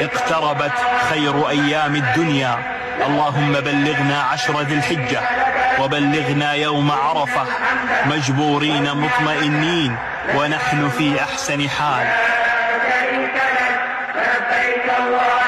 اقتربت خير أيام الدنيا اللهم بلغنا عشر ذي الحجة وبلغنا يوم عرفة مجبورين مطمئنين ونحن في أحسن حال لبيك الله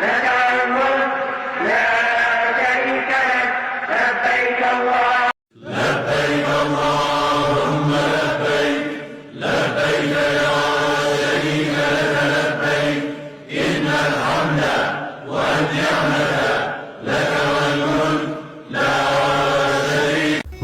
Let our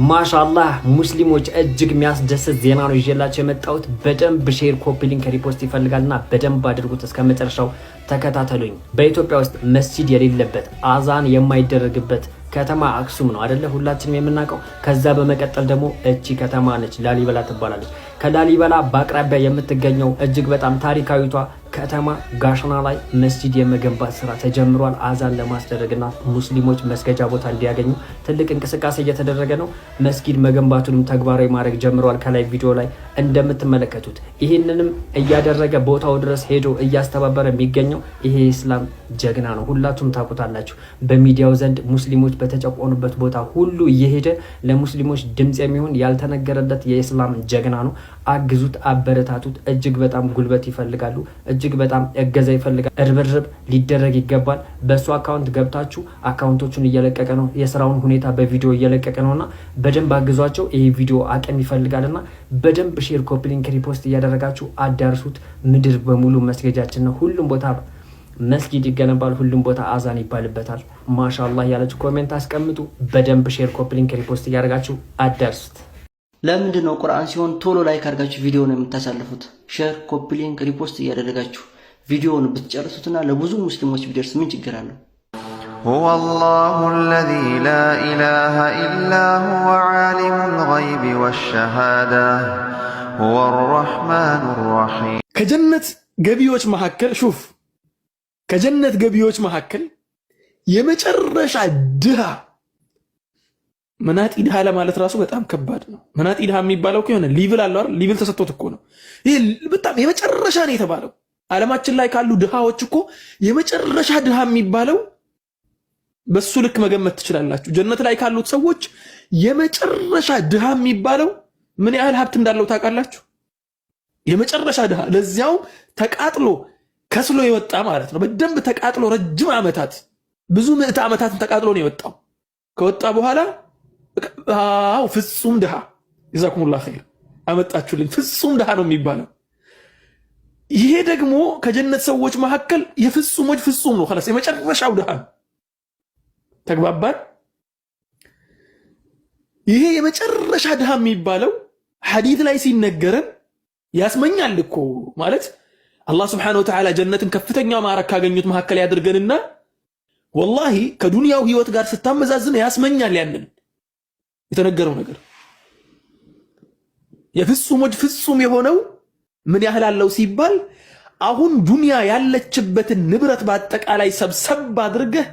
ማሻላህ ሙስሊሞች እጅግ የሚያስደስት ዜና ነው ይዤላቸው የመጣሁት። በደንብ ሼር፣ ኮፒ ሊንክ፣ ሪፖስት ይፈልጋልና በደንብ አድርጉት። እስከ መጨረሻው ተከታተሉኝ። በኢትዮጵያ ውስጥ መስጂድ የሌለበት አዛን የማይደረግበት ከተማ አክሱም ነው አደለ? ሁላችንም የምናውቀው። ከዛ በመቀጠል ደግሞ እቺ ከተማ ነች፣ ላሊበላ ትባላለች። ከላሊበላ በአቅራቢያ የምትገኘው እጅግ በጣም ታሪካዊቷ ከተማ ጋሽና ላይ መስጂድ የመገንባት ስራ ተጀምሯል። አዛን ለማስደረግና ሙስሊሞች መስገጃ ቦታ እንዲያገኙ ትልቅ እንቅስቃሴ እየተደረገ ነው። መስጊድ መገንባቱንም ተግባራዊ ማድረግ ጀምሯል ከላይ ቪዲዮ ላይ እንደምትመለከቱት ይህንንም እያደረገ ቦታው ድረስ ሄዶ እያስተባበረ የሚገኘው ይሄ የእስላም ጀግና ነው። ሁላችሁም ታውቁታላችሁ። በሚዲያው ዘንድ ሙስሊሞች በተጨቆኑበት ቦታ ሁሉ እየሄደ ለሙስሊሞች ድምፅ የሚሆን ያልተነገረለት የእስላም ጀግና ነው። አግዙት፣ አበረታቱት። እጅግ በጣም ጉልበት ይፈልጋሉ። እጅግ በጣም እገዛ ይፈልጋል። እርብርብ ሊደረግ ይገባል። በእሱ አካውንት ገብታችሁ አካውንቶቹን እየለቀቀ ነው፣ የስራውን ሁኔታ በቪዲዮ እየለቀቀ ነው እና በደንብ አግዟቸው። ይህ ቪዲዮ አቅም ይፈልጋል እና በደንብ ሼር፣ ኮፒ ሊንክ፣ ሪፖስት እያደረጋችሁ አዳርሱት። ምድር በሙሉ መስገጃችን ነው። ሁሉም ቦታ መስጊድ ይገነባል። ሁሉም ቦታ አዛን ይባልበታል። ማሻላህ ያለች ኮሜንት አስቀምጡ። በደንብ ሼር፣ ኮፒ ሊንክ፣ ሪፖስት እያደረጋችሁ አዳርሱት። ለምንድን ነው ቁርአን ሲሆን ቶሎ ላይክ አድርጋችሁ ነው የምታሳልፉት? ሼር፣ ኮፒ ሊንክ፣ ሪፖስት እያደረጋችሁ ቪዲዮውን ብትጨርሱትና ለብዙ ሙስሊሞች ቢደርስ ምን ችግር አለው? هو الله الذي لا إله إلا هو عالم الغيب والشهادة هو الرحمن الرحيم ከጀነት ገቢዎች መካከል ሹፍ ከጀነት ገቢዎች መካከል የመጨረሻ ድሃ መናጢ ድሃ ለማለት ራሱ በጣም ከባድ ነው። መናጢ ድሃ የሚባለው የሆነ ሊቭል አለው አይደል? ሊቭል ተሰጥቶት እኮ ነው። ይሄ በጣም የመጨረሻ ነው የተባለው። ዓለማችን ላይ ካሉ ድሃዎች እኮ የመጨረሻ ድሃ የሚባለው በሱ ልክ መገመት ትችላላችሁ። ጀነት ላይ ካሉት ሰዎች የመጨረሻ ድሃ የሚባለው ምን ያህል ሀብት እንዳለው ታውቃላችሁ? የመጨረሻ ድሃ ለዚያውም ተቃጥሎ ከስሎ የወጣ ማለት ነው። በደንብ ተቃጥሎ ረጅም ዓመታት ብዙ ምዕተ ዓመታትን ተቃጥሎ ነው የወጣው። ከወጣ በኋላ አዎ ፍጹም ድሃ ይዛኩሙላ ኸይር አመጣችሁልኝ። ፍጹም ድሃ ነው የሚባለው። ይሄ ደግሞ ከጀነት ሰዎች መካከል የፍጹሞች ፍጹም ነው። ኸላስ የመጨረሻው ድሃ ነው። ተግባባን። ይሄ የመጨረሻ ድሃ የሚባለው ሐዲት ላይ ሲነገረን ያስመኛል እኮ ማለት አላህ ስብሐነሁ ወተዓላ ጀነትን ከፍተኛ ማዕረግ ካገኙት መካከል ያድርገንና ወላሂ ከዱንያው ህይወት ጋር ስታመዛዝን ያስመኛል ያንን የተነገረው ነገር የፍጹሞች ፍጹም የሆነው ምን ያህል አለው ሲባል አሁን ዱንያ ያለችበትን ንብረት በአጠቃላይ ሰብሰብ አድርገህ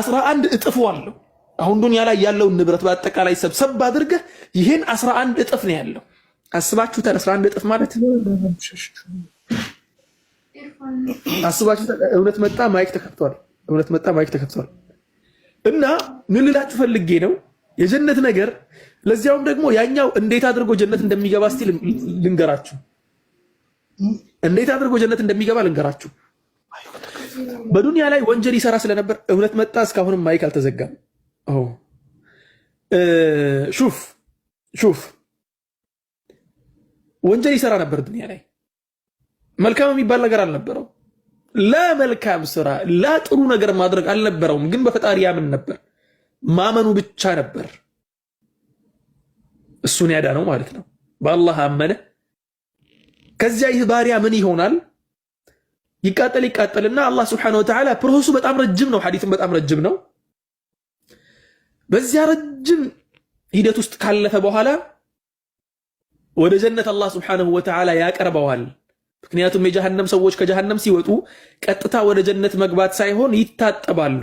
አስራ አንድ እጥፉ አለው። አሁን ዱንያ ላይ ያለውን ንብረት በአጠቃላይ ሰብሰብ አድርገህ ይህን አስራ አንድ እጥፍ ነው ያለው። አስባችሁታል? አስራ አንድ እጥፍ ማለት አስባችሁታል? እውነት መጣ ማይክ ተከፍቷል። እውነት መጣ ማይክ ተከፍቷል። እና ምን ልላችሁ ፈልጌ ነው የጀነት ነገር ለዚያውም ደግሞ ያኛው እንዴት አድርጎ ጀነት እንደሚገባ እስቲ ልንገራችሁ። እንዴት አድርጎ ጀነት እንደሚገባ ልንገራችሁ። በዱንያ ላይ ወንጀል ይሰራ ስለነበር እውነት መጣ። እስካሁንም ማይክ አልተዘጋም። ሹፍ ሹፍ ወንጀል ይሰራ ነበር ዱንያ ላይ መልካም የሚባል ነገር አልነበረው። ለመልካም ስራ ለጥሩ ነገር ማድረግ አልነበረውም፣ ግን በፈጣሪ ያምን ነበር። ማመኑ ብቻ ነበር እሱን ያዳነው ማለት ነው። በአላህ አመነ። ከዚያ ይህ ባሪያ ምን ይሆናል? ይቃጠል ይቃጠልና አላህ ስብሐነሁ ወተዓላ ፕሮሰሱ በጣም ረጅም ነው፣ ሐዲቱም በጣም ረጅም ነው። በዚያ ረጅም ሂደት ውስጥ ካለፈ በኋላ ወደ ጀነት አላህ ስብሐነሁ ወተዓላ ያቀርበዋል። ምክንያቱም የጀሃነም ሰዎች ከጀሃነም ሲወጡ ቀጥታ ወደ ጀነት መግባት ሳይሆን ይታጠባሉ።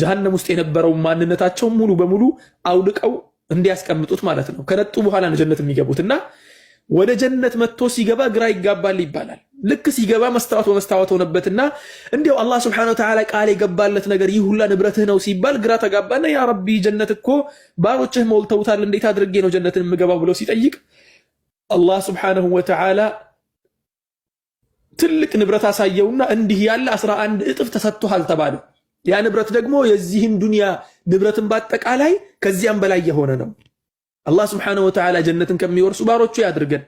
ጀሃነም ውስጥ የነበረውን ማንነታቸውን ሙሉ በሙሉ አውልቀው እንዲያስቀምጡት ማለት ነው። ከነጡ በኋላ ነው ጀነት የሚገቡት እና ወደ ጀነት መጥቶ ሲገባ ግራ ይጋባል ይባላል። ልክ ሲገባ መስታወት በመስታወት ሆነበትና እንዲያው አላህ ስብሐነሁ ወተዓላ ቃል የገባለት ነገር ይህ ሁላ ንብረትህ ነው ሲባል ግራ ተጋባና፣ ያ ረቢ ጀነት እኮ ባሮችህ ሞልተውታል፣ እንዴት አድርጌ ነው ጀነትን የምገባው ብለው ሲጠይቅ አላህ ስብሐነሁ ወተዓላ ትልቅ ንብረት አሳየውና እንዲህ ያለ 11 እጥፍ ተሰጥቶሃል ተባለ። ያ ንብረት ደግሞ የዚህን ዱንያ ንብረትን በአጠቃላይ ከዚያም በላይ የሆነ ነው። አላህ ስብሓነሁ ወተዓላ ጀነትን ከሚወርሱ ባሮቹ ያድርገን።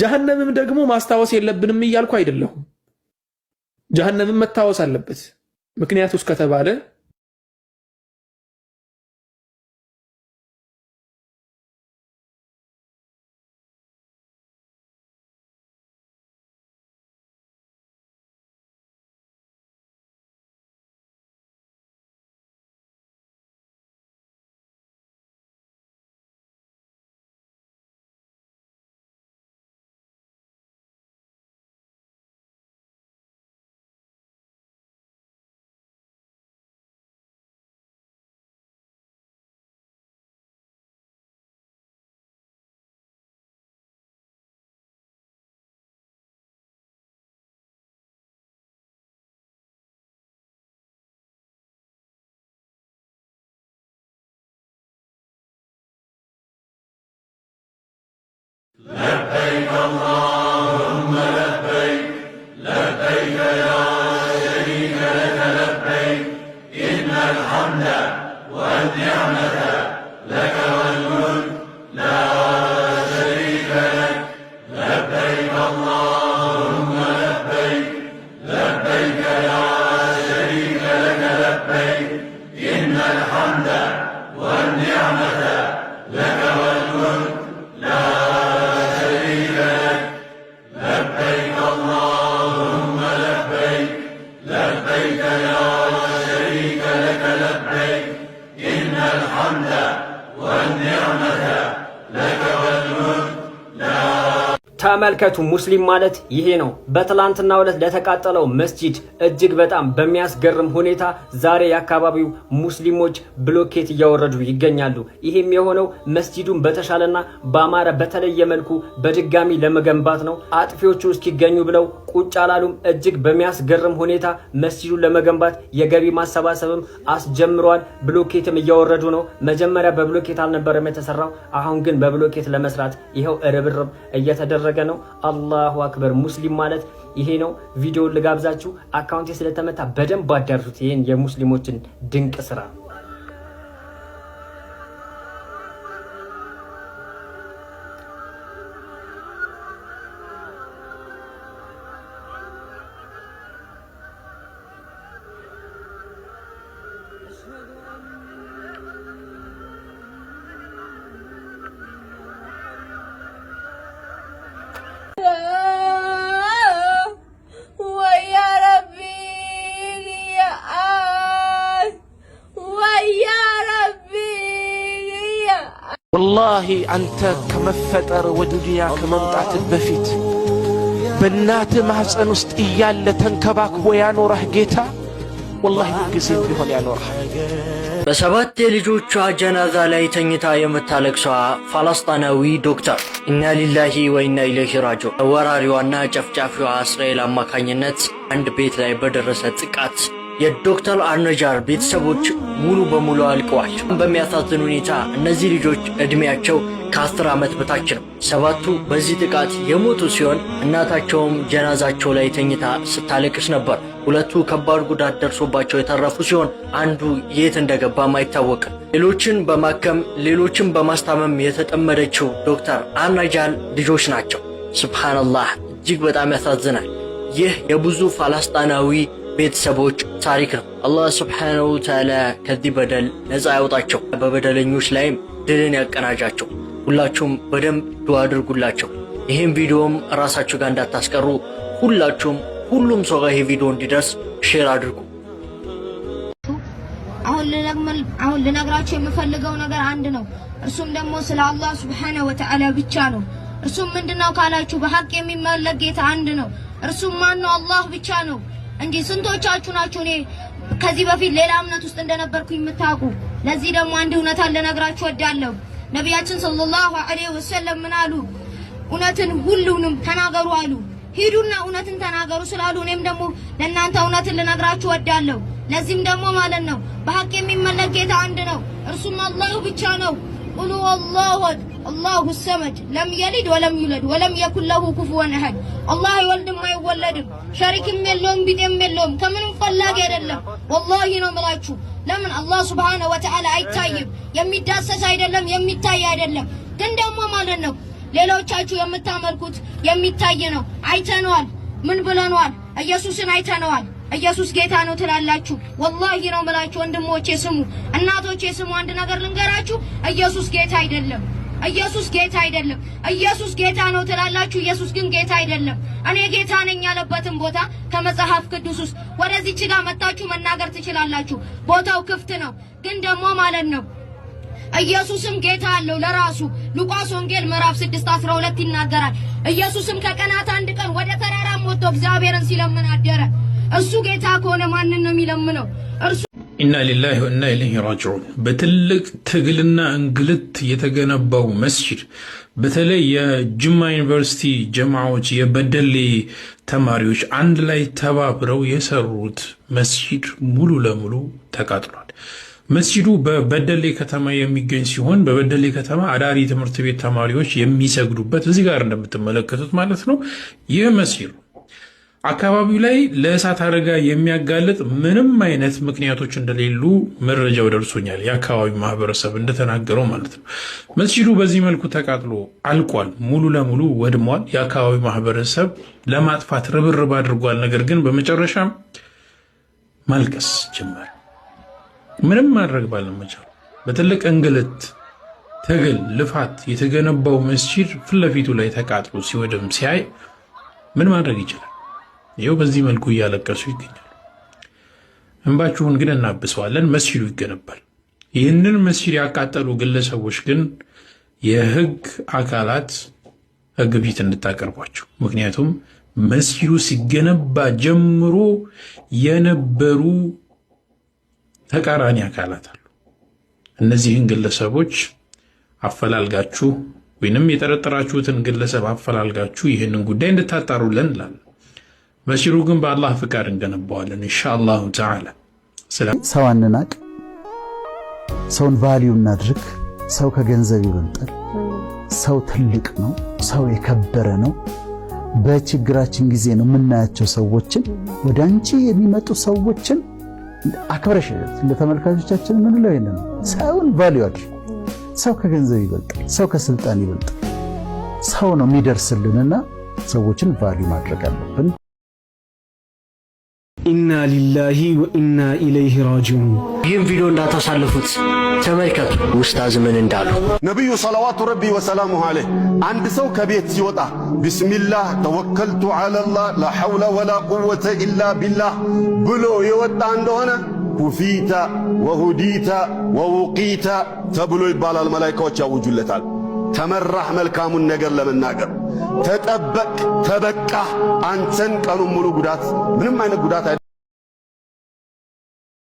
ጀሀነምም ደግሞ ማስታወስ የለብንም እያልኩ አይደለሁም። ጀሀነምም መታወስ አለበት ምክንያቱስ ከተባለ اللهم لبيك لبيك يا لك الحمد والنعمة لك neonazis. ተመልከቱ ሙስሊም ማለት ይሄ ነው። በትላንትና ዕለት ለተቃጠለው መስጂድ እጅግ በጣም በሚያስገርም ሁኔታ ዛሬ የአካባቢው ሙስሊሞች ብሎኬት እያወረዱ ይገኛሉ። ይሄም የሆነው መስጂዱን በተሻለና በአማረ በተለየ መልኩ በድጋሚ ለመገንባት ነው። አጥፊዎቹ እስኪገኙ ብለው ቁጭ አላሉም። እጅግ በሚያስገርም ሁኔታ መስጂዱን ለመገንባት የገቢ ማሰባሰብም አስጀምሯል ብሎኬትም እያወረዱ ነው። መጀመሪያ በብሎኬት አልነበረም የተሰራው። አሁን ግን በብሎኬት ለመስራት ይኸው እርብርብ እየተደረገ እያደረገ ነው። አላሁ አክበር። ሙስሊም ማለት ይሄ ነው። ቪዲዮውን ልጋብዛችሁ። አካውንቴ ስለተመታ በደንብ አዳርሱት። ይህን የሙስሊሞችን ድንቅ ስራ ወላሂ አንተ ከመፈጠር ወደ ከመምጣት በፊት በእናትህ ማህፀን ውስጥ እያለ ተንከባክቦ ያኖረህ ጌታ ወላሂ ጊዜ ቢሆን ያኖረሃል። በሰባት የልጆቿ ጀናዛ ላይ ተኝታ የምታለቅሷ ፋላስጣናዊ ዶክተር ኢና ሊላሂ ወኢና ኢለይሂ ራጂዑን ወራሪዋና ጨፍጫፊዋ እስራኤል አማካኝነት አንድ ቤት ላይ በደረሰ ጥቃት የዶክተር አርነጃር ቤተሰቦች ሙሉ በሙሉ አልቀዋል። በሚያሳዝን ሁኔታ እነዚህ ልጆች ዕድሜያቸው ከአስር ዓመት በታች ነው። ሰባቱ በዚህ ጥቃት የሞቱ ሲሆን እናታቸውም ጀናዛቸው ላይ ተኝታ ስታለቅስ ነበር። ሁለቱ ከባድ ጉዳት ደርሶባቸው የተረፉ ሲሆን አንዱ የት እንደገባም አይታወቅም። ሌሎችን በማከም ሌሎችን በማስታመም የተጠመደችው ዶክተር አርነጃር ልጆች ናቸው። ስብሓንላህ እጅግ በጣም ያሳዝናል። ይህ የብዙ ፋላስጣናዊ ቤተሰቦች ታሪክ ነው። አላህ ስብሓነሁ ተዓላ ከዚህ በደል ነፃ ያውጣቸው፣ በበደለኞች ላይም ድልን ያቀናጃቸው። ሁላችሁም በደንብ ዱዓ አድርጉላቸው። ይህም ቪዲዮም ራሳችሁ ጋር እንዳታስቀሩ ሁላችሁም፣ ሁሉም ሰው ጋር ይህ ቪዲዮ እንዲደርስ ሼር አድርጉ። አሁን ልነግራችሁ የምፈልገው ነገር አንድ ነው። እርሱም ደግሞ ስለ አላህ ስብሓነሁ ወተዓላ ብቻ ነው። እርሱም ምንድነው ካላችሁ በሀቅ የሚመለክ ጌታ አንድ ነው። እርሱም ማነው አላህ ብቻ ነው። እንዴ ስንቶቻችሁ ናችሁ እኔ ከዚህ በፊት ሌላ እምነት ውስጥ እንደነበርኩኝ የምታውቁ? ለዚህ ደግሞ አንድ እውነት ልነግራችሁ እወዳለሁ። ነቢያችን ሰለላሁ ዐለይሂ ወሰለም ምን አሉ? እውነትን ሁሉንም ተናገሩ አሉ። ሂዱና እውነትን ተናገሩ ስላሉ እኔም ደግሞ ለእናንተ እውነትን ልነግራችሁ እወዳለሁ። ለዚህም ደግሞ ማለት ነው በሐቅ የሚመለክ ጌታ አንድ ነው፣ እርሱም አላሁ ብቻ ነው። ቁሉ ወላሁ አላሁ ሰመድ ለም የሊድ ወለም ዩለድ ወለም የኩን ለሁ ኩፉወን አሐድ። አላህ አይወልድም አይወለድም፣ ሸሪክም የለውም ቢጤም የለውም፣ ከምንም ፈላጊ አይደለም። ወላሂ ነው ምላችሁ። ለምን አላህ ሱብሓነሁ ወተዓላ አይታይም? የሚዳሰስ አይደለም፣ የሚታይ አይደለም። ግን ደግሞ ማለት ነው ሌሎቻችሁ የምታመልኩት የሚታይ ነው። አይተነዋል። ምን ብለነዋል? ኢየሱስን አይተነዋል። ኢየሱስ ጌታ ነው ትላላችሁ። ወላሂ ነው ምላችሁ። ወንድሞቼ ስሙ፣ እናቶቼ ስሙ፣ አንድ ነገር ልንገራችሁ። ኢየሱስ ጌታ አይደለም። ኢየሱስ ጌታ አይደለም። ኢየሱስ ጌታ ነው ትላላችሁ፣ ኢየሱስ ግን ጌታ አይደለም። እኔ ጌታ ነኝ ያለበትን ቦታ ከመጽሐፍ ቅዱስ ውስጥ ወደዚች ጋር መጣችሁ መናገር ትችላላችሁ። ቦታው ክፍት ነው። ግን ደግሞ ማለት ነው ኢየሱስም ጌታ አለው ለራሱ ሉቃስ ወንጌል ምዕራፍ 6 12 ይናገራል። ኢየሱስም ከቀናት አንድ ቀን ወደ ተራራም ወጥቶ እግዚአብሔርን ሲለምን አደረ። እሱ ጌታ ከሆነ ማንን ነው የሚለምነው? እርሱ ኢና ሊላሂ ወኢና ኢለይሂ ራጅዑን። በትልቅ ትግልና እንግልት የተገነባው መስጂድ በተለይ የጅማ ዩኒቨርሲቲ ጀማዎች የበደሌ ተማሪዎች አንድ ላይ ተባብረው የሰሩት መስጂድ ሙሉ ለሙሉ ተቃጥሏል። መስጂዱ በበደሌ ከተማ የሚገኝ ሲሆን በበደሌ ከተማ አዳሪ ትምህርት ቤት ተማሪዎች የሚሰግዱበት እዚህ ጋር እንደምትመለከቱት ማለት ነው። ይህ መስጂድ አካባቢው ላይ ለእሳት አደጋ የሚያጋልጥ ምንም አይነት ምክንያቶች እንደሌሉ መረጃው ደርሶኛል። የአካባቢው ማህበረሰብ እንደተናገረው ማለት ነው። መስጂዱ በዚህ መልኩ ተቃጥሎ አልቋል፣ ሙሉ ለሙሉ ወድሟል። የአካባቢው ማህበረሰብ ለማጥፋት ርብርብ አድርጓል። ነገር ግን በመጨረሻም ማልቀስ ጀመር። ምንም ማድረግ ባለመቻሉ በትልቅ እንግልት ትግል፣ ልፋት የተገነባው መስጂድ ፊትለፊቱ ላይ ተቃጥሎ ሲወድም ሲያይ ምን ማድረግ ይችላል? ይኸው በዚህ መልኩ እያለቀሱ ይገኛሉ። እንባችሁን ግን እናብሰዋለን፣ መስጂዱ ይገነባል። ይህንን መስጂድ ያቃጠሉ ግለሰቦች ግን የህግ አካላት ህግ ፊት እንድታቀርቧቸው። ምክንያቱም መስጂዱ ሲገነባ ጀምሮ የነበሩ ተቃራኒ አካላት አሉ። እነዚህን ግለሰቦች አፈላልጋችሁ ወይንም የጠረጠራችሁትን ግለሰብ አፈላልጋችሁ ይህንን ጉዳይ እንድታጣሩልን እንላለን። በሽሩ ግን በአላህ ፍቃድ እንገነባዋለን ኢንሻአላሁ ተዓላ። ሰው አንናቅ፣ ሰውን ቫሊዩ እናድርግ። ሰው ከገንዘብ ይበልጣል። ሰው ትልቅ ነው። ሰው የከበረ ነው። በችግራችን ጊዜ ነው የምናያቸው ሰዎችን። ወደ አንቺ የሚመጡ ሰዎችን አክብረሽ ለተመልካቾቻችን ምን ለው ሰውን ቫልዩ አድርግ። ሰው ከገንዘብ ይበልጣል። ሰው ከስልጣን ይበልጣል። ሰው ነው የሚደርስልንና ሰዎችን ቫሊዩ ማድረግ አለብን። ኢና ሊላሂ ወኢና ኢለይህ ራጂዑን። ይህም ቪዲዮ እንዳታሳልፉት ተመልከቱ። ውስታዝ ምን እንዳሉ ነቢዩ ሰላዋቱ ረቢ ወሰላሙ አለይህ አንድ ሰው ከቤት ሲወጣ ቢስሚላህ ተወከልቱ አለላህ ላሐውለ ወላ ቁወተ ኢላ ቢላህ ብሎ የወጣ እንደሆነ ኩፊተ ወሁዲተ ወውቂተ ተብሎ ይባላል። መላይካዎች ያውጁለታል። ተመራህ መልካሙን ነገር ለመናገር ተጠበቅ፣ ተበቃህ። አንተን ቀኑን ሙሉ ጉዳት ምንም አይነት ጉዳት